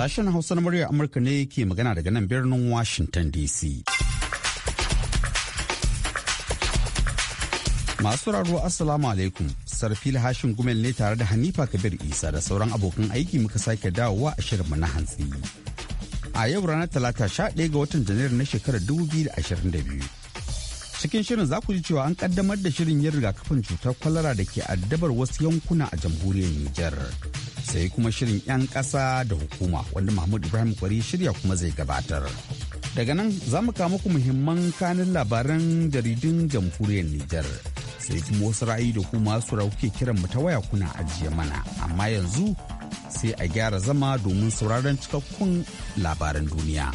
Sashen Hausa na muryar Amurka ne ke magana daga nan birnin Washington DC. Masu raro Assalamu alaikum, Sarfil Hashin Gumel ne tare da Hanifa Kabir Isa da sauran abokan aiki muka sake dawowa a shirinmu na hantsi. A yau ranar Talata 11 ga watan Janairu na shekarar 2022. cikin shirin za ku ji cewa an kaddamar da shirin yin rigakafin cutar kwalara da ke addabar wasu yankuna a jamhuriyar Nijar. Sai kuma shirin 'yan ƙasa da hukuma wanda Mahmud Ibrahim Kwari shirya kuma zai gabatar. Daga nan za mu kawo muku muhimman kanin labaran jaridun jamhuriyar Nijar. Sai kuma wasu ra'ayi da kuma su rauke kiran mu ta waya kuna ajiye mana. Amma yanzu sai a gyara zama domin sauraron cikakkun labaran duniya.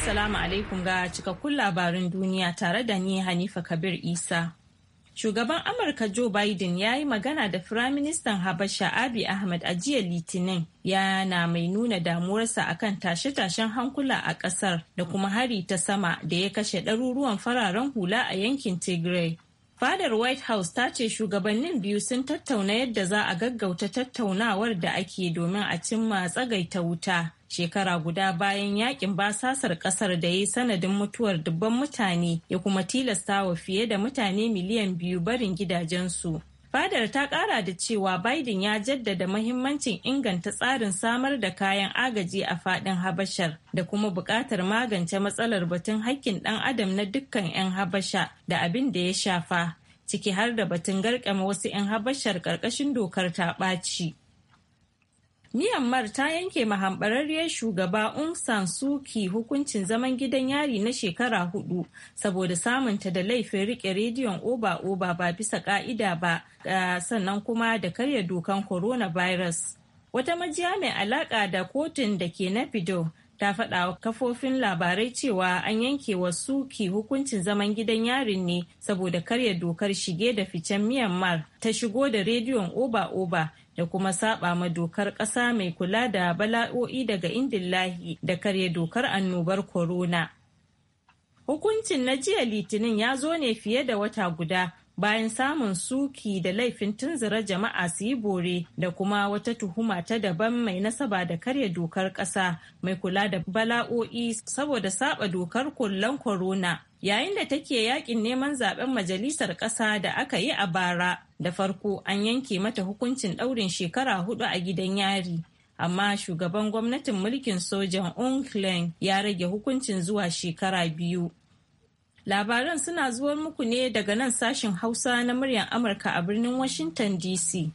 Assalamu alaikum ga cikakkun labarin duniya tare da ni Hanifa Kabir Isa. Shugaban Amurka Joe Biden ya yi magana da Firaministan Habasha Abi Ahmed a jiya Litinin yana mai nuna damuwarsa akan tashe-tashen hankula a ƙasar da kuma hari ta sama da ya kashe ɗaruruwan fararen hula a yankin Tigray. Fadar White House ta ce shugabannin biyu sun tattauna yadda za a gaggauta tattaunawar da ake domin a cimma tsagaita wuta shekara guda bayan yakin basasar kasar da ya yi sanadin mutuwar dubban mutane ya kuma tilasta wa fiye da mutane miliyan biyu barin gidajensu. Fadar ta kara da cewa Biden ya jaddada mahimmancin inganta tsarin samar da kayan agaji a fadin Habashar da kuma buƙatar magance matsalar batun haƙƙin ɗan adam na dukkan 'yan Habasha da abin da ya shafa, ciki har da batun garkama wasu 'yan Habashar ƙarƙashin dokar ta ɓaci. Myanmar ta yanke mahambararriyar shugaba Aung San Suu Kyi hukuncin zaman gidan yari na shekara hudu saboda samunta da laifin rike rediyon oba-oba ba bisa ka'ida ba sannan kuma da karya dokan coronavirus. Wata majiya mai alaka da kotun da ke na Fido ta faɗa wa kafofin labarai cewa an yanke wa suki hukuncin zaman gidan yarin ne saboda karya dokar shige da ficen myanmar ta shigo da rediyon oba-oba da kuma saba ma dokar ƙasa mai kula da bala'o'i daga indillahi da karya dokar annobar corona. Hukuncin na jiya litinin ya zo ne fiye da wata guda bayan samun suki da laifin tunzura jama'a su yi bore da kuma wata tuhuma ta daban mai nasaba da karya dokar ƙasa mai kula da bala'o'i saboda saba dokar kullum corona. yayin da take yakin neman zaben majalisar ƙasa da aka yi a bara da farko an yanke mata hukuncin ɗaurin shekara hudu a gidan yari amma shugaban gwamnatin mulkin sojan unklen ya rage hukuncin zuwa shekara biyu labaran suna zuwar muku ne daga nan sashin hausa na muryar amurka a birnin washington dc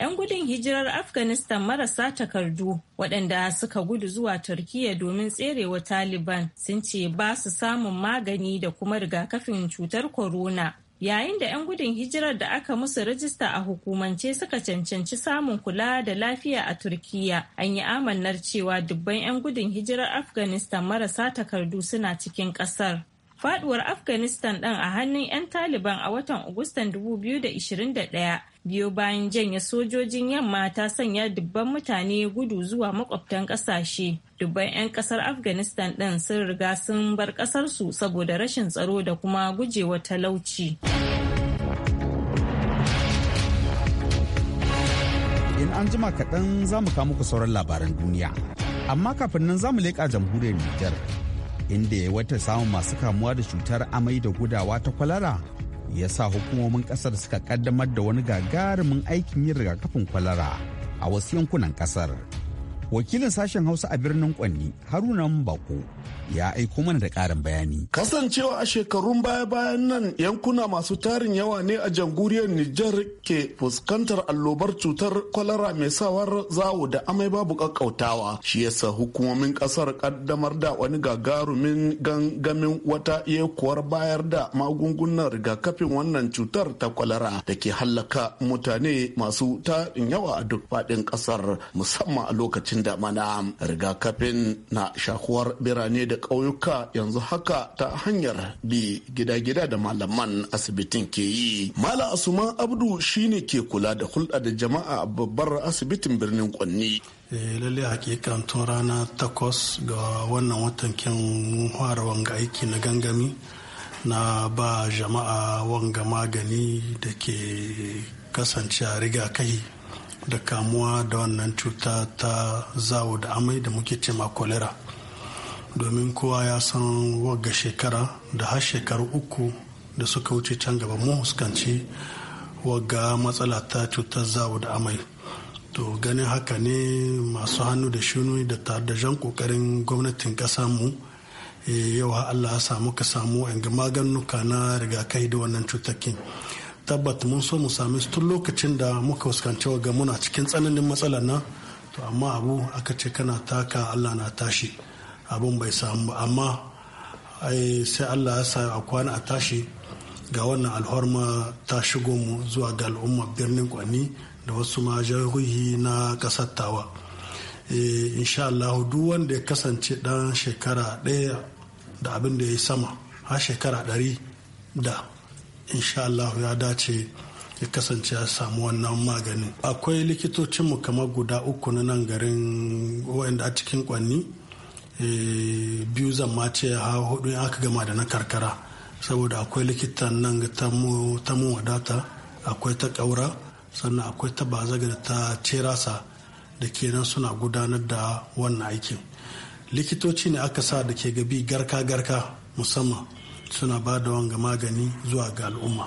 'Yan gudun hijirar Afghanistan marasa takardu waɗanda suka gudu zuwa Turkiyya domin tserewa Taliban sun ce ba su samun magani da kuma rigakafin cutar corona. Yayin da 'yan gudun hijirar da aka musu rajista a hukumance suka cancanci samun kula da lafiya a Turkiyya, an yi amannar cewa dubban 'yan gudun hijirar Afghanistan marasa takardu suna cikin ƙasar. faduwar afghanistan ɗin a hannun 'yan taliban a watan agustan 2021 biyo bayan janye sojojin yamma ta sanya dubban mutane gudu zuwa makwabtan ƙasashe dubban 'yan ƙasar afghanistan ɗin sun riga sun bar ƙasarsu saboda rashin tsaro da kuma gujewa talauci. in an jima kaɗan za mu kawo muku sauran labaran duniya amma kafin nan za mu leƙa jamhuriyar nijar inda ya wata samun masu kamuwa da cutar amai da gudawa ta kwalara ya sa hukumomin kasar suka kaddamar da wani gagarumin aikin yin rigakafin kwalara a wasu yankunan kasar. wakilin sashen hausa a birnin kwanni haruna bako ya aiko mana da ƙarin bayani kasancewa a shekarun baya-bayan nan yankuna masu tarin yawa ne a janguriyar nijar ke fuskantar allobar cutar kwalara mai sawar zawo da amai babu kakkautawa shi yasa hukumomin kasar kaddamar da wani gagarumin gangamin wata yekuwar bayar da magungunan rigakafin wannan cutar ta kwalara da ke hallaka mutane masu tarin yawa a duk faɗin kasar musamman a lokacin lokacin damana rigakafin na shakuwar birane da ƙauyuka yanzu haka ta hanyar bi gida-gida da malaman asibitin ke yi Mala asuman abdu shine ke kula da hulɗa da jama'a a babbar asibitin birnin kwanni eh, lalle hakikan tun rana takwas ga wannan watan kyan fara wanga aiki na gangami na ba jama'a wanga magani da ke kasance a rigakafi da kamuwa da wannan cuta ta zawo da amai da muke cema kolera domin kowa ya san wagga shekara da har shekaru uku da suka wuce can gaba mu huskanci wagga matsala ta cutar zawo da amai to ganin haka ne masu hannu da shinu da tare da jan kokarin gwamnatin ƙasa mu eh, yau Allah ya samu ka samu maganuka na rigakai da wannan cutakin. tabbat mun so mu sami su tun lokacin da muka fuskanci ga muna cikin tsananin matsalar nan to amma abu aka ce kana taka allah na tashi abin bai samu ba amma sai allah ya sa a kwana a tashi ga wannan alhorma ta shigo mu zuwa ga al'ummar birnin kwanni da wasu ma jihohi na kasar tawa eh, insha allahu duk wanda ya kasance dan shekara ɗaya da abin da ya yi sama har shekara ɗari da insha Allah ya dace ya kasance ya samu wannan magani. akwai likitocinmu kamar guda uku na nan garin wanda a cikin kwanni eh, biyu zama ce ha hudu in aka gama da na karkara saboda akwai likitan nan ta mu wadata akwai ta ƙaura sannan akwai ta bazaga da ta cerasa da kenan suna gudanar da wannan aikin likitoci ne aka sa da ke gabi garka-garka musamman suna ba da wanga magani zuwa ga al'umma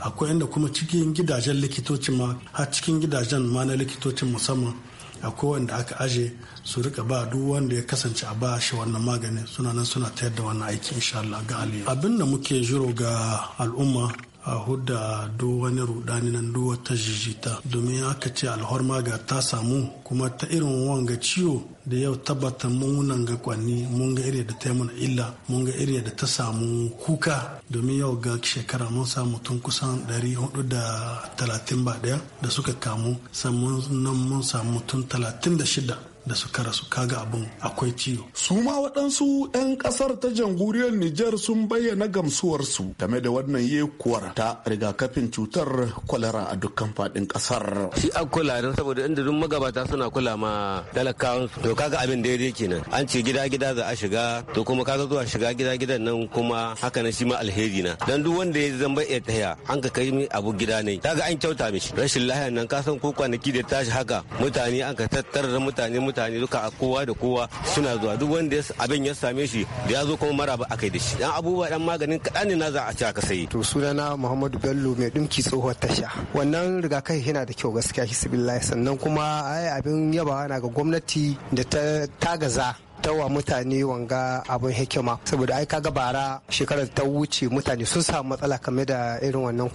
akwai inda kuma cikin gidajen likitocin ma har cikin gidajen ma na likitocin musamman akwai wanda aka aje su rika ba duk wanda ya kasance a ba shi wannan magani suna nan suna tayar da wannan aiki insha Allah ga abin da muke jiro ga al'umma a hudda duk wani rudani nan duk wata jijita domin aka ce alhorma ga ta samu kuma ta irin wanga ciwo da yau tabbata munan ga kwanni mun ga iri da ta mun illa mun ga iri da ta samu kuka domin yau ga shekara mun samu tun kusan 430 ba daya da suka kamu sannan mun samu tun 36 da suka rasu kaga abin akwai ciwo su ma waɗansu 'yan ƙasar ta jamhuriyar Nijar sun bayyana gamsuwarsu game da wannan yekuwar ta rigakafin cutar kwalara a dukkan faɗin ƙasar. Shi a kula don saboda inda duk magabata suna kula ma talakawan to kaga abin daidai kenan an ce gida gida za a shiga to kuma kaga zuwa shiga gida gidan nan kuma haka na shi ma alheri na dan duk wanda ya zamba iya taya an ka kai mi abu gida ne kaga an kyauta mishi rashin lahiyar nan ka san ko kwanaki da tashi haka mutane an ka tattara mutane mutane duka a kowa da kowa suna zuwa duk wanda abin ya same shi da ya zo kuma maraba akai da shi dan abubuwa dan maganin kaɗan ne na za a ci aka sayi. to sunana muhammadu bello mai dinki tsohuwar tasha wannan rigakafi yana da kyau gaskiya hisbillahi sannan kuma ai abin yabawa na ga gwamnati da ta tagaza tawa mutane wanga abin hikima saboda ai kaga bara shekarar ta wuce mutane sun samu matsala kame da irin wannan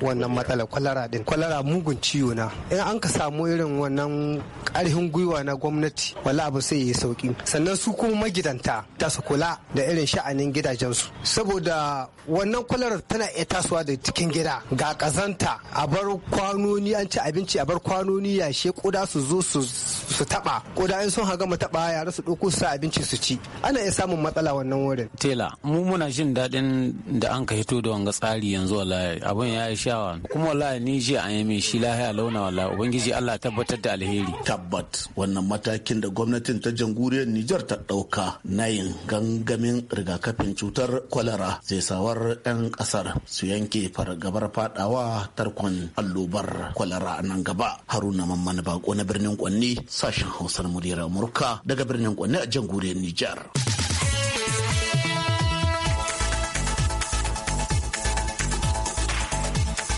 wannan matsala kwalara din kwalara mugun ciwo na in an ka samu irin wannan karfin gwiwa na gwamnati wala abu sai yi sauki sannan su kuma magidanta ta su kula da irin sha'anin gidajensu saboda wannan kwalarar tana iya tasowa da cikin gida ga kazanta a bar kwanoni an ci abinci a bar kwanoni yashe kuda su zo su su taba ko da in sun haga mu taba ya rasu ɗauko su abinci su ci ana iya samun matsala wannan wurin tela mu muna jin daɗin da an ka hito da wanga tsari yanzu wallahi abin ya yi shawa kuma wallahi ni ji an yi mai shi lahiya launa wallahi ubangiji Allah tabbatar da alheri tabbat wannan matakin da gwamnatin ta jamhuriyar Nijar ta ɗauka na yin gangamin rigakafin cutar kwalara zai sawar 'yan ƙasar su yanke fargabar fadawa tarkon allobar kwalara nan gaba haruna mamman bako na birnin kwanni sashen hausar muryar amurka daga birnin kwanne a jamhuriyar nijar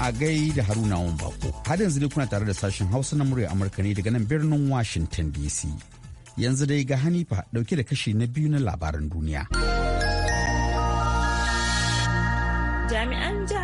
a gai da haruna wun bako har yanzu dai kuna tare da sashen hausa na muryar amurka ne daga nan birnin washington dc yanzu dai ga hanifa dauke da kashi na biyu na labaran duniya.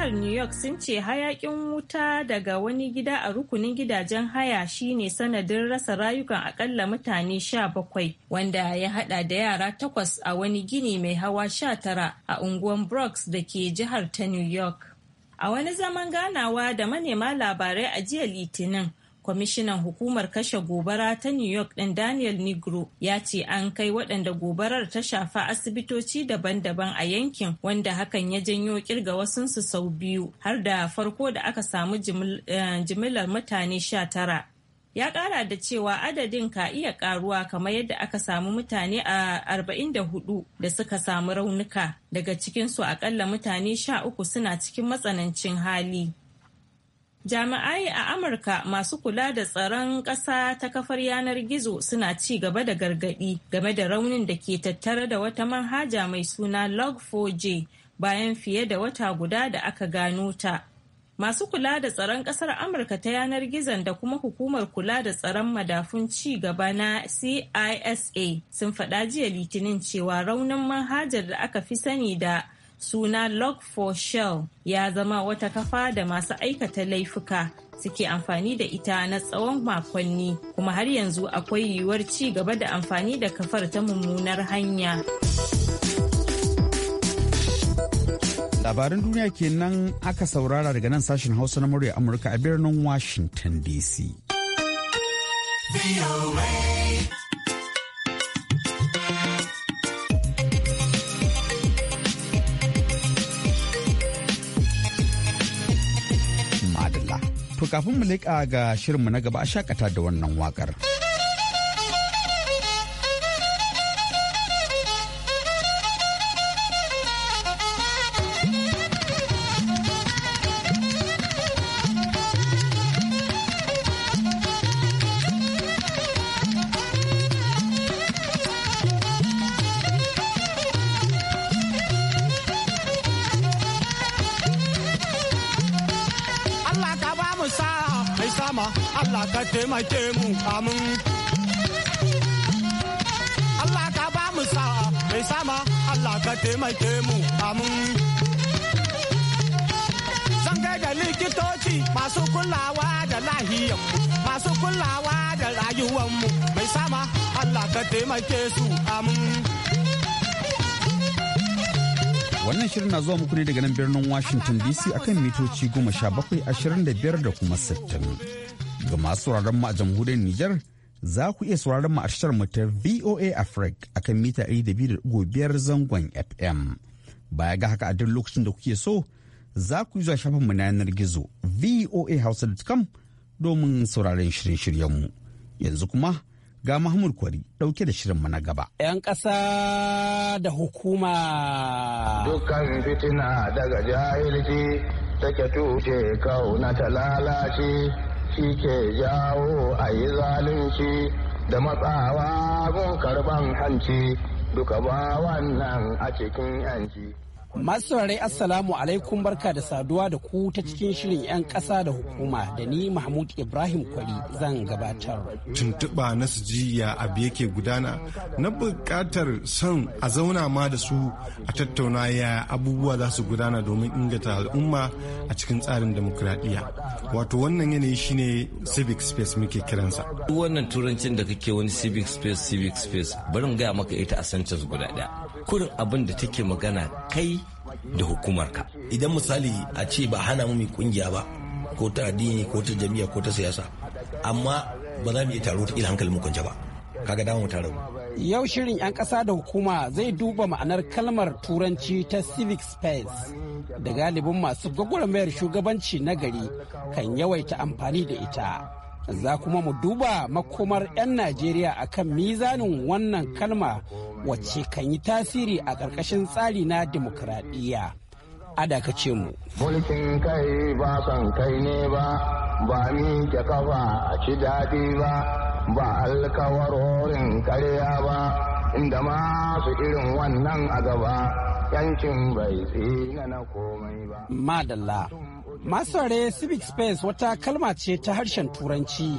jihar New York sun ce hayakin wuta daga wani gida a rukunin gidajen haya shine sanadin rasa rayukan akalla mutane sha bakwai wanda ya hada da yara takwas a wani gini mai hawa sha tara a unguwan Bronx da ke jihar ta New York. A wani zaman ganawa da manema labarai a jiya Litinin, kwamishinan hukumar kashe gobara ta new york ɗin daniel negro ya ce an kai waɗanda gobarar ta shafa asibitoci daban-daban a yankin wanda hakan ya janyo kirga wasunsu sau biyu har da farko da aka samu eh, jimillar mutane sha tara ya kara da cewa adadin ka iya karuwa kamar yadda aka samu mutane a 44 da suka samu raunuka daga cikinsu akalla mutane 13 suna cikin matsanancin hali Jami'ai a Amurka masu kula da tsaron ƙasa ta kafar yanar gizo suna ci gaba da gargaɗi game da raunin da ke tattare da wata manhaja mai suna Log4j bayan fiye da wata guda da aka gano ta. Masu kula da tsaron ƙasar Amurka ta yanar gizon da kuma hukumar kula da tsaron madafun ci gaba na CISA sun faɗa jiya Litinin cewa raunin manhajar da aka fi sani da suna log for shell ya zama wata kafa da masu aikata laifuka suke amfani da ita na tsawon makonni kuma har yanzu akwai yiwuwar ci gaba da amfani da kafar ta mummunar hanya. labaran duniya kenan aka saurara daga nan sashen hausa na murya amurka a birnin washington dc. To kafin mu leƙa ga shirinmu na gaba a shakata da wannan wakar. ka ka ba mu mai sama ka taimake mu likitoci masu kulawa da rayuwanmu mai sama Allah Wannan shirin na zuwa muku ne daga nan birnin Washington DC akan mitoci goma sha bakwai ashirin da biyar da kuma sittin. daga masu sauraron mu a jamhuriyar Nijar za ku iya sauraron mu a tashar mu ta VOA Africa akan mita 200.5 zangon FM. Baya ga haka a duk lokacin da kuke so za ku zuwa mu na yanar gizo voahouse.com domin sauraron shirye mu Yanzu kuma ga Mahmud Kwari dauke da shirin mu na gaba. 'Yan kasa da hukuma. Dukkan fitina daga jahilci take tushe kauna ta lalace. shi ke jawo a yi zalunci da matsawa gun karban hanci duka ba wannan a cikin yanci. Masu saurare Assalamu alaikum barka da saduwa da ku ta cikin shirin 'yan ƙasa da hukuma da ni Mahmud Ibrahim Kwali zan gabatar. Tuntuɓa na su ji ya abu yake gudana na buƙatar son a zauna ma da su a tattauna ya abubuwa za su gudana domin inganta al'umma a cikin tsarin demokuraɗiyya. Wato wannan yanayi shine civic space muke kiransa. Duk wannan turancin da kake wani civic space civic space barin gaya maka ita a sentence guda ɗaya. Kurin abin da take magana kai da hukumarka idan misali a ce ba hana mu mai kungiya ba ko ta addini ko ta jami'a ko ta siyasa amma ba za mu iya taro ta hankali mu kwance ba kaga dama mu taro yau shirin 'yan ƙasa da hukuma zai duba ma'anar kalmar turanci ta civic space da galibin masu gwagwarmayar shugabanci na gari kan yawaita amfani da ita za kuma mu duba makomar 'yan najeriya a kan mizanin wannan kalma wacce kan yi tasiri a ƙarƙashin tsari na dimokuraɗiyya a ce mu mulkin kai ba son kai ne ba ba ni ke kafa a ci daɗi ba ba alkawarorin karya ba inda masu irin wannan a gaba yancin bai na komai ba. Madalla. Masare Civic Space wata kalma ce ta harshen Turanci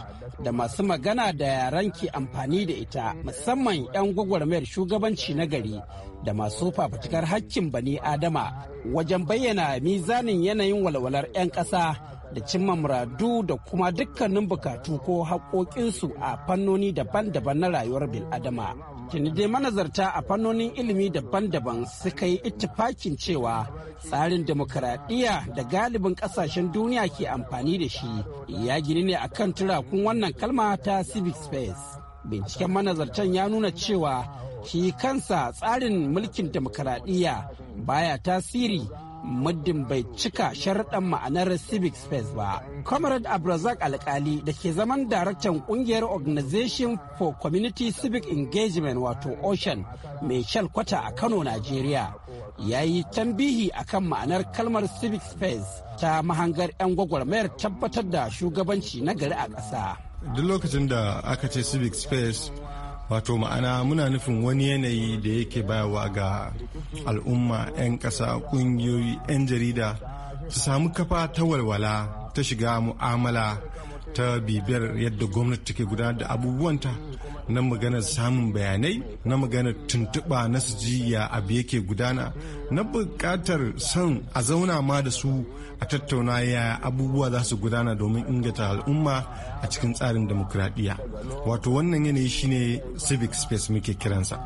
da masu magana da yaran ke amfani da ita musamman 'yan gwagwarmayar shugabanci na gari da masu fafutukar hakkin bani Adama wajen bayyana mizanin yanayin walwalar 'yan ƙasa da cimma muradu da kuma dukkanin bukatu ko haƙoƙinsu a fannoni daban-daban na rayuwar bil'adama. Tuni dai manazarta a fannonin ilimi daban-daban suka yi ittifakin cewa tsarin demokaradiyya da galibin ƙasashen duniya ke amfani da shi ya gini ne kan turakun wannan kalma ta civic space. Binciken manazartan ya nuna cewa shi kansa tsarin mulkin demokaradiyya baya tasiri muddin bai cika sharaɗan ma'anar civic space ba. Comrade Abrazak Alkali da ke zaman daraktan ƙungiyar Organization for Community Civic Engagement wato Ocean mai shalkwata a Kano, Najeriya, ya yi tambihi akan ma'anar kalmar civic space ta mahangar 'yan gwagwarmayar tabbatar da shugabanci na gari a ƙasa. Duk lokacin da aka ce civic space wato ma'ana muna nufin wani yanayi da yake bayawa ga al'umma 'yan ƙasa ƙungiyoyi 'yan jarida su samu kafa ta walwala ta shiga mu'amala ta bibiyar yadda gwamnati take gudanar da abubuwanta na maganar samun bayanai na maganar tuntuɓa na su ji ya abu yake gudana na buƙatar son a zauna ma da su a tattauna ya abubuwa za su gudana domin inganta al'umma a cikin tsarin demokradiyya wato wannan yanayi shine civic space muke kiransa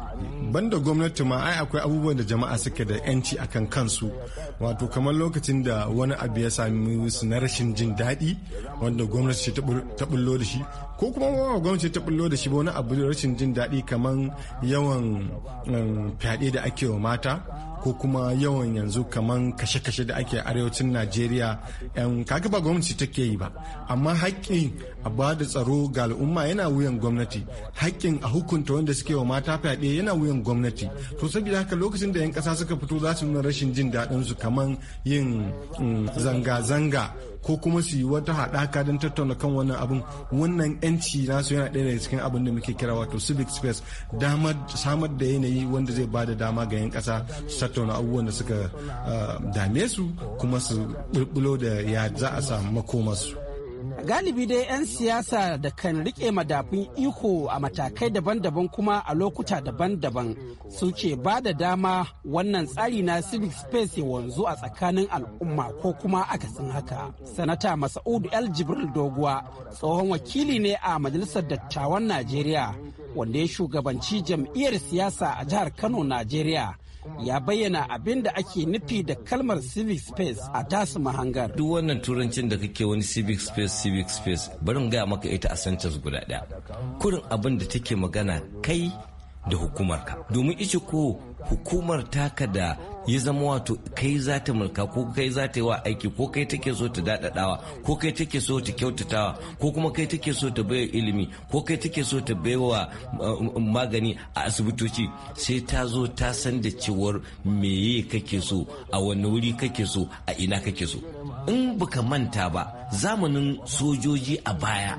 banda gwamnati ma ai akwai abubuwan da jama'a suke da yanci akan kansu wato kamar lokacin da wani abu ya sami su na rashin jin daɗi wanda gwamnati ce ta bullo da shi ko kuma gwamnati ta bullo da shi wani abu rashin jin daɗi kamar yawan um, fyaɗe da ake wa mata ko kuma yawan yanzu kaman kashe-kashe da ake arewacin najeriya yan kaga ba gwamnati take yi ba amma haƙƙin a ba da tsaro ga al'umma yana wuyan gwamnati haƙƙin a hukunta wanda suke wa mata fyaɗe yana wuyan gwamnati to saboda haka lokacin da yan ƙasa suka fito za su nuna rashin jin daɗin su kaman yin mm, zanga-zanga ko kuma su yi wata haɗaka don tattauna kan wannan abin wannan yanci nasu yana ɗaya daga cikin abin da muke kira wato civic space damar samar da yanayi wanda zai ba da dama ga 'yan kasa su tattauna abubuwan da suka ah, dame su kuma su bulbulo da ya za a samu makomarsu. Galibi dai 'yan siyasa da kan rike madafin iko a matakai daban-daban kuma a lokuta daban-daban su ce ba da dama wannan tsari na civic space ya wanzu a tsakanin al'umma ko kuma akasin haka. Sanata Masa'udu El Jibril Doguwa tsohon wakili ne a Majalisar Dattawan Najeriya wanda ya shugabanci jam'iyyar siyasa a jihar Kano, Najeriya. ya bayyana abin da ake nufi da kalmar civic space a tasu mahangar. Duk wannan turancin da kake wani civic space civic space barin gaya maka ita a sentence guda ɗaya. Kurin abin da take magana kai da hukumarka. Domin ice ko hukumar taka da ya zama wato kai za ta mulka ko kai za ta yi wa aiki ko kai take so ta daɗaɗawa ko kai take so ta kyautatawa ko kuma kai take so ta baiwa ilimi ko kai take so ta baiwa uh, magani a asibitoci sai ta zo ta san da cewar meye kake so a wani wuri kake so a ina kake so in baka manta ba zamanin sojoji a baya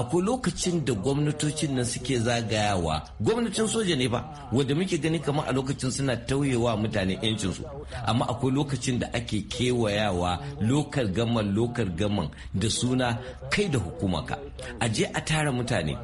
akwai lokacin da gwamnatocin nan suke zagayawa gwamnatin soja ne ba wanda muke gani kamar a lokacin suna tauyewa mutane yancinsu amma akwai lokacin da ake kewayawa lokal gaman lokal gaman da suna kai da hukumaka a je a tara mutane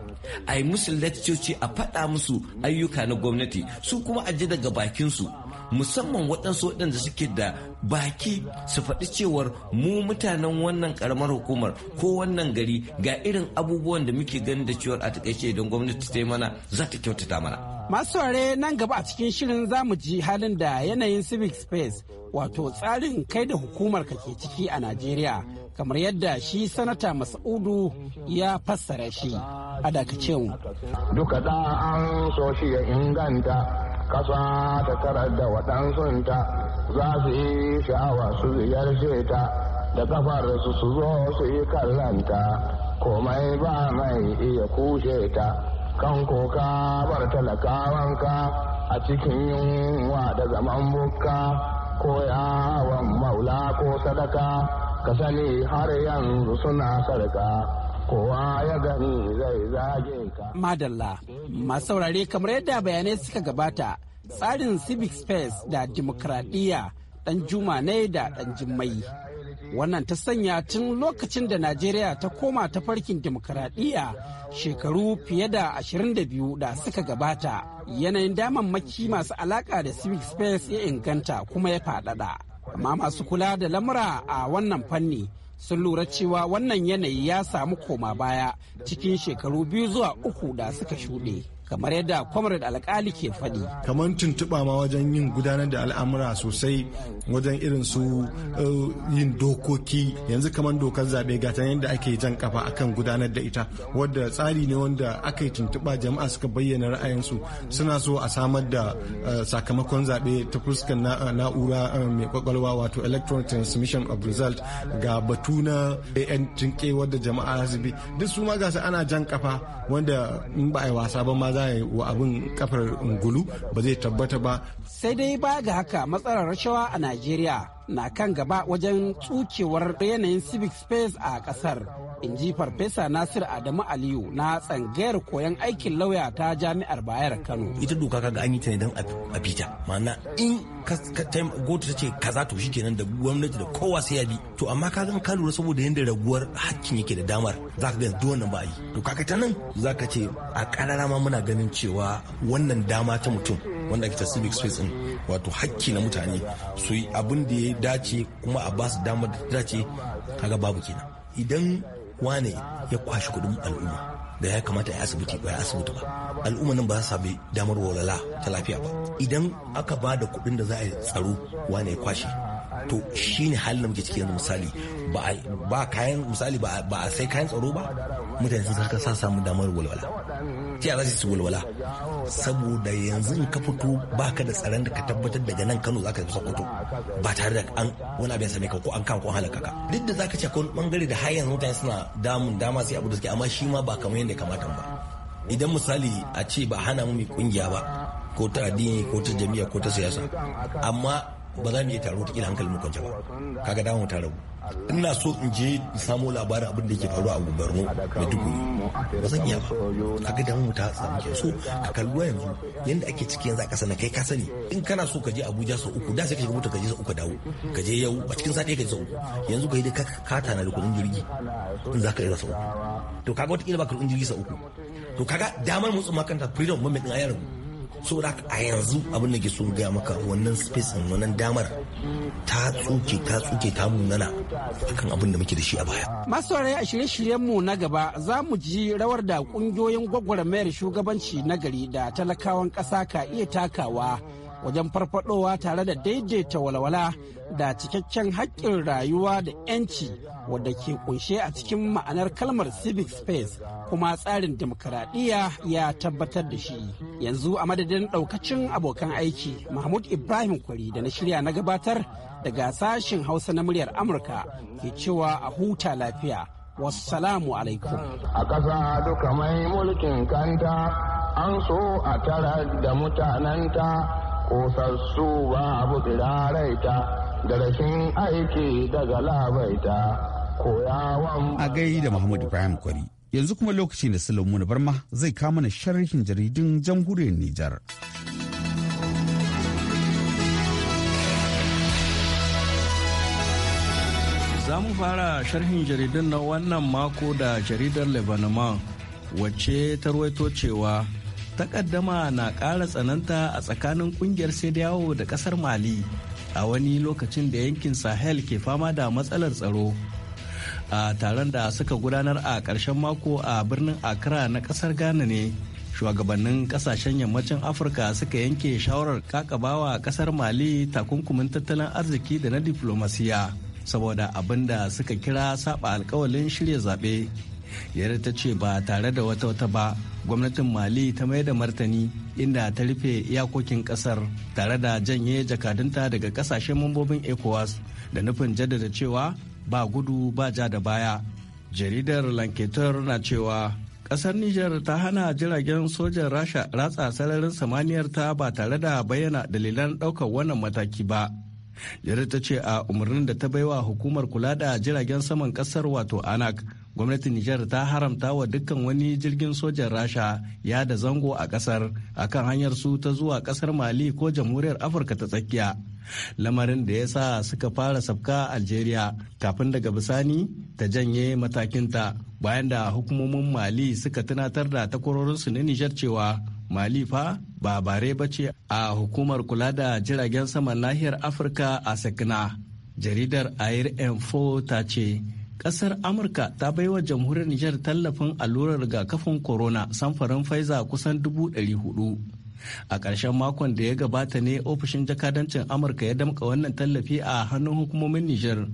a yi musu leccoci a faɗa musu ayyuka na gwamnati su kuma a je daga bakinsu musamman waɗansu waɗanda suke da baki su faɗi cewar mu mutanen wannan ƙaramar hukumar ko wannan gari ga irin abubuwan da muke ganin da cewar a takaice idan gwamnati ta yi mana za ta kyautata mana. Masu ware nan gaba a cikin shirin za mu ji halin da yanayin civic space wato tsarin kai da hukumar ka ke ciki a Najeriya kamar yadda shi sanata mas'udu ya fassara shi a dakacin duka da an so shi ya inganta kasa ta karar da waɗansunta za su yi sha'awa su ziyarce ta da kafar su su zo su yi kallanta komai ba mai iya kushe ta kan koka bar talakawanka a cikin yunwa da zaman bukka ko yawon maula ko sadaka ka sani har yanzu suna sarka kowa ya gani zai zage ka. Madalla, masu saurare kamar yadda bayanai suka gabata, tsarin civic space da dimokuraɗiyya ɗan juma ne da ɗan jimmai. Wannan ta sanya tun lokacin da Najeriya ta koma ta farkin dimokuraɗiyya shekaru fiye da 22 da suka gabata, yanayin damammaki masu alaƙa da civic space ya inganta kuma ya faɗaɗa. amma masu kula da lamura a wannan fanni sun lura cewa wannan yanayi ya samu koma baya cikin shekaru biyu zuwa uku da suka shuɗe. kamar yadda comrade alkali ke faɗi. kamar tuntuɓa ma wajen yin gudanar da al'amura sosai wajen irin su eh, yin dokoki yanzu kamar dokar zaɓe gata yadda ake jan kafa akan gudanar da ita wadda tsari ne wanda aka yi tuntuɓa jama'a suka bayyana ra'ayinsu suna so a samar da eh, sakamakon zaɓe ta fuskar eh, na'ura mai kwakwalwa wato electronic transmission of result ga batu na yan tunke wadda jama'a su bi duk su ma gasa ana jan kafa wanda in ba a yi wasa ba ma za a yi wa abin kafar ungulu ba zai tabbata ba sai dai ba ga haka matsalar rashawa a najeriya na kan gaba wajen tsukewar yanayin civic space a kasar in ji farfesa nasir adamu aliyu na tsangayar koyon aikin lauya ta jami'ar bayar kano ita doka kaga an yi ta ne don a ma'ana in gotu ta ce kaza to shi kenan da gwamnati da kowa sai ya bi to amma ka gan ka saboda yadda raguwar hakkin yake da damar za ka ga duk wannan ba yi to kaka ta nan za ka ce a karara ma muna ganin cewa wannan dama ta mutum wanda ake ta civic space din wato hakki na mutane su yi abin da ya dace kuma a basu damar da ta dace kaga babu kenan idan wane ya kwashi kudin al'umma da ya kamata ya asibiti ba ya asibiti ba al'umma nan ba za su sami damar walala ta lafiya ba idan aka ba da kuɗin da za a tsaro wane ya kwashe to shine halin da muke ciki yanzu misali ba ba a sai kayan tsaro ba mutane sun sa samu damar walwala ta za su walwala saboda yanzu in ka fito baka da tsaron da ka tabbatar daga nan Kano zaka tafi Sokoto ba tare da an wani abin same ka ko an kan ko halaka ka duk da zaka ce ko bangare da har yanzu mutane suna damun dama sai abu da suke amma shi ma ba kamar yadda kamata ba idan misali a ce ba hana mu mai kungiya ba ko ta addini ko ta jami'a ko ta siyasa amma ba za mu iya taro kila hankalin mu kwance ba kaga da mu taro ina so in je in samu labarin abin da yake faruwa a gubarno Maiduguri ba zan iya ba kaga da mu ta samu ke so ka kalluwa yanzu yanda ake ciki yanzu a ƙasa na kai ka sani in kana so ka je Abuja sau uku da sai ka shiga mota ka je sau uku dawo ka je yau a cikin sati ka je sau uku yanzu ka yi ka ka tana da kuɗin jirgi in za ka yi sau uku to kaga wata kila ba ka kuɗin jirgi sau uku to kaga damar motsin makanta freedom moment din a yaran so da a yanzu abin da ke so gaya maka wannan space wannan damar ta tsuke ta tsuke ta munana akan abin da muke da shi a baya masu a shirye-shiryen mu na gaba za mu ji rawar da kungiyoyin gwagwarmayar shugabanci na gari da talakawan ƙasa ka iya takawa wajen farfadowa tare da daidaita walwala da cikakken haƙƙin rayuwa da 'yanci wadda ke kunshe a cikin ma'anar kalmar civic space kuma tsarin demokaradiyya ya tabbatar da shi yanzu a madadin ɗaukacin abokan aiki mahmud ibrahim kwari da na shirya na gabatar daga sashen hausa na muryar amurka ke cewa a huta lafiya wassalamu alaikum a ƙasa duka mai mulkin kanta an so a tara da mutanenta kosassu ba abu ta da rashin aiki daga labaita yawon a gai da Muhammad Ibrahim Kwari yanzu kuma lokaci da Sulaimun Barma zai kama na sharhin jaridun jamhuriyar Nijar. Za mu fara sharhin jaridun na wannan mako da jaridar Lebanon wacce ta ruwaito cewa takaddama na ƙara tsananta a tsakanin ƙungiyar sai da ƙasar mali a wani lokacin da yankin sahel ke fama da matsalar tsaro a taron da suka gudanar a ƙarshen mako a birnin accra na ƙasar ghana ne shugabannin ƙasashen yammacin afirka suka yanke shawarar kakabawa ƙasar mali takunkumin tattalin arziki da na diflomasiya saboda abin da suka kira saba alkawalin shirya zaɓe yare ta ce ba tare da wata wata ba gwamnatin mali ta mai da martani inda ta rufe iyakokin kasar tare da janye jakadunta daga kasashen mambobin ecowas da nufin jaddada cewa ba gudu ba ja da baya jaridar lanketer na cewa kasar niger ta hana jiragen sojan rasha ratsa sararin samaniyar ta ba tare da bayyana dalilan ɗaukar wannan mataki ba jaridar ta ce a umarnin da ta baiwa hukumar kula da jiragen saman kasar wato anak gwamnatin nijar ta haramta wa dukkan wani jirgin sojan rasha ya da zango a kasar akan hanyar su ta zuwa kasar mali ko jamhuriyar afirka ta tsakiya lamarin da ya sa suka fara sabka algeria kafin daga bisani ta janye matakinta bayan da hukumomin mali suka tunatar da takwarorinsu na nijar cewa mali fa ba bare ba ce a hukumar kula da jiragen saman nahiyar afirka a sakina jaridar air info ta ce kasar amurka ta bai wa jamhuriyar nijar tallafin allurar rigakafin corona samfarin faiza kusan dubu ɗari hudu a ƙarshen makon da ya gabata ne ofishin jakadancin amurka ya damka wannan tallafi a hannun hukumomin nijar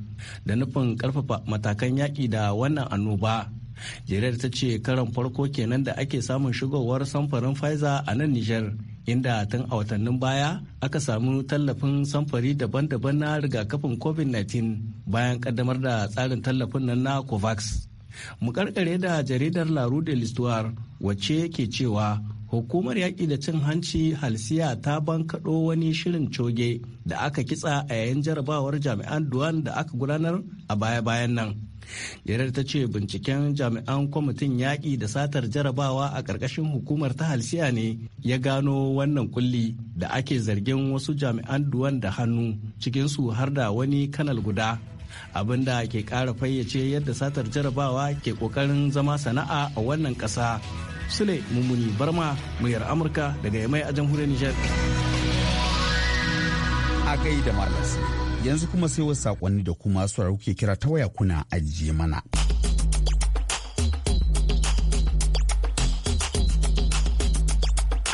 da nufin ƙarfafa matakan yaƙi da wannan annoba jeriyar ta ce karan farko kenan da ake samun shigowar samfarin pfizer a nan nijar inda tun a watannin baya aka samu tallafin samfari daban-daban na rigakafin covid-19 bayan kaddamar da tsarin tallafin nan na covax mu karkare da jaridar laru de l'histoire wacce ke cewa hukumar yaƙi da cin hanci halsiya ta bankaɗo wani shirin coge da aka kitsa a yayin jarabawar jami'an duwan da aka gudanar a baya-bayan nan jaridar ta ce binciken jami'an kwamitin yaƙi da satar jarabawa a ƙarƙashin hukumar ta halsiya ne ya gano wannan kulli da ake zargin wasu jami'an duwan da hannu cikinsu har da wani kanal guda abin da ke ƙara fayyace yadda satar jarabawa ke ƙoƙarin zama sana'a a wannan ƙasa Sule Mummuni Barma muryar Amurka daga Yamai a jamhuriyar Nijar. A da malasi. yanzu kuma sai wasu sakonni da kuma su kuke kira ta waya kuna ajiye mana.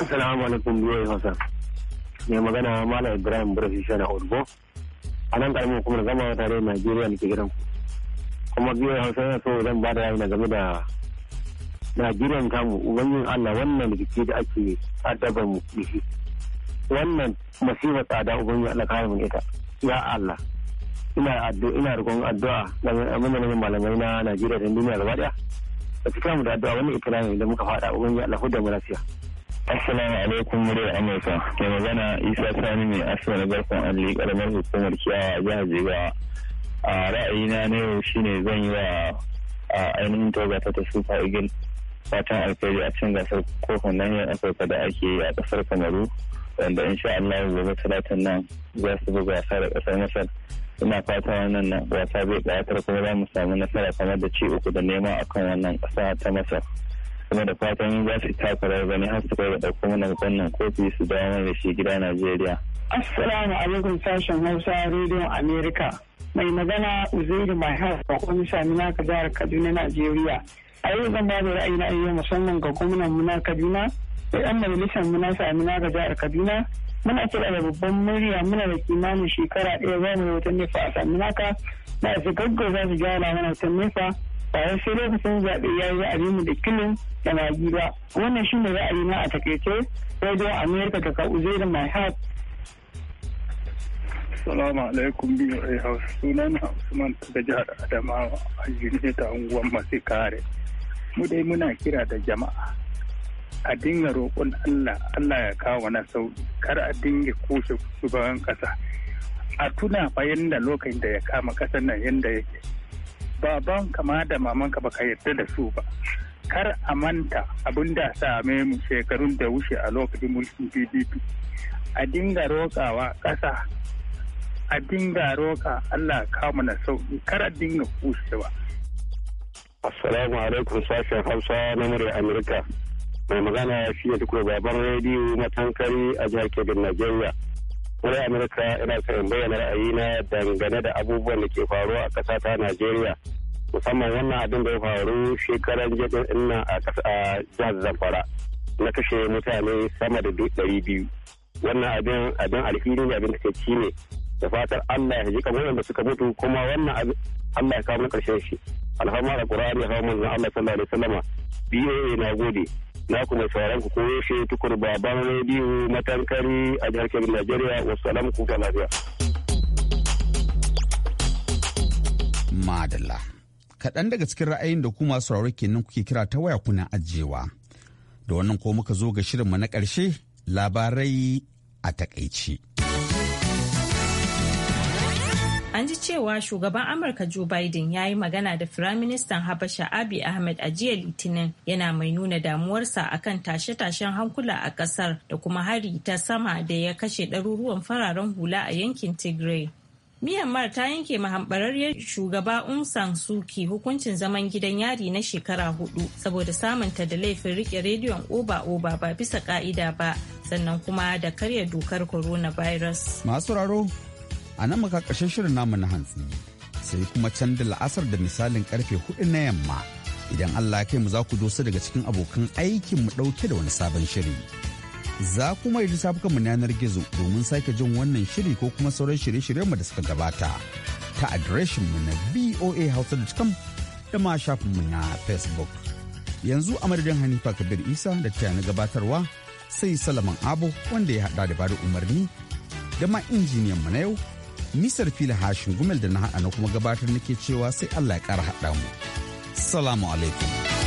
Assalamu alaikum biyoyi Hausa. Mai magana Malam Ibrahim Burafi Shana Urbo. A nan ƙarfi kuma zama tare Najeriya ke gidan. Kuma biyoyi Hausa yana so zan ba da yayi na game da najeriya kamu ubangin allah wannan rikici da ake addaban mu da wannan masifa tsada ubangin allah kare mun ita ya allah ina addu'a ina roƙon addu'a ga ne malamai na najeriya da duniya gaba daya da cikin mu da addu'a wannan ikilamin da muka faɗa ubangin allah hudda mu lafiya Assalamu alaikum muryar Amurka. da magana Isa Sani ne Asibiti Barkon Alli karamar hukumar kiyawa jihar Jigawa. A ra'ayina na yau shine zan yi wa ainihin toga ta tafi igil. fatan alkhairi a cin gasar kofin nahiyar afirka da ake yi a kasar kamaru wanda insha allah gobe talatin nan za su buga wasa da kasar masar ina fata wannan wasa zai ƙayatar kuma za mu samu nasara kamar da ci uku da nema kan wannan kasa ta masar kuma da fatan za su taka rawar gani har su kai da ɗauko mana wannan kofi su dawo da shi gida Najeriya. Assalamu alaikum sashen Hausa rediyon America. Mai magana Uzairu Mahar, Bakwai Shamina, Jihar Kaduna, Najeriya. a yau zan ba da ra'ayi na ayyuka musamman ga gwamnan mu na kaduna da yan majalisar mu na ga jihar kaduna muna kira da babban murya muna da kimanin shekara ɗaya za mu da wutan nefa a saminaka ka na su gaggaza su gyara mana wutan nefa ba sai lokacin zaɓe ya yi ra'ayi mu da kilin da magi ba wannan shi ne ra'ayi na a takaice radio america daga uzair mahad. heart Salamu alaikum biyu a hausa sunana Usman daga jihar Adamawa a Unguwar Masu Kare. mu dai muna kira da jama'a a dinga roƙon Allah Allah ya kawo wani sauki kar a dinga kushe shugaban ƙasa a tuna fa yanda lokacin da ya kama ƙasar nan yanda yake baban kama da maman ka baka yarda da su ba kar a manta abin da same mu shekarun da wuce a lokacin mulkin PDP a dinga roƙawa ƙasa a dinga roƙa Allah ya kawo mana sauki kar a dinga kushewa. Assalamu alaikum sashen Hausa na murya Amurka. Mai magana shi ya tukur baban rediyo matankari a jihar Kebbi, Najeriya. Murya Amurka ina son bayyana ra'ayina dangane da abubuwan da ke faruwa a ƙasa ta Najeriya. Musamman wannan abin da ya faru shekaran jirgin ina a jihar Zamfara. Na kashe mutane sama da ɗari biyu. Wannan abin abin alheri ne abin da ke ne. Da fatar Allah ya ji kamar wanda suka mutu kuma wannan abin Allah ya kawo na ƙarshen shi. alhama da qur'ani hawa manzon Allah sallallahu alaihi biyu BOA na gode na kuma sauran ku koyaushe tukur baban rediyo matankari a jihar Kebbi Najeriya wassalam ku ga lafiya madalla kaɗan daga cikin ra'ayin da ku masu kenan kuke kira ta waya kuna ajiyewa da wannan ko muka zo ga shirinmu na ƙarshe labarai a takaici. an ji cewa shugaban amurka joe biden ya yi magana da firaministan habasha abi ahmed a jiya litinin yana mai nuna damuwarsa a kan tashe-tashen hankula a kasar da kuma hari ta sama da ya kashe ɗaruruwan fararen hula a yankin tigray myanmar ta yanke mahambararriyar shugaba aung san suki hukuncin zaman gidan yari na shekara hudu saboda samunta da laifin rike rediyon oba oba ba bisa ka'ida ba sannan kuma da karya dokar coronavirus masu raro a nan muka ƙarshen shirin namu na hantsi sai kuma can da la'asar da misalin karfe hudu na yamma idan allah kai mu za ku dosa daga cikin abokan aikin mu ɗauke da wani sabon shiri za kuma yi lissafukan mu yanar gizo domin sake jin wannan shiri ko kuma sauran shirye-shiryen mu da suka gabata ta adireshin mu na voa hausa.com da ma shafin mu na facebook yanzu a madadin hanifa kabir isa da ta na gabatarwa sai salaman abu wanda ya hada da bada umarni da ma injiniyan mu na yau Nisar fili hashin gumel da na haɗa na kuma gabatar nake cewa sai Allah ya ƙara haɗa mu. Salamu alaikum.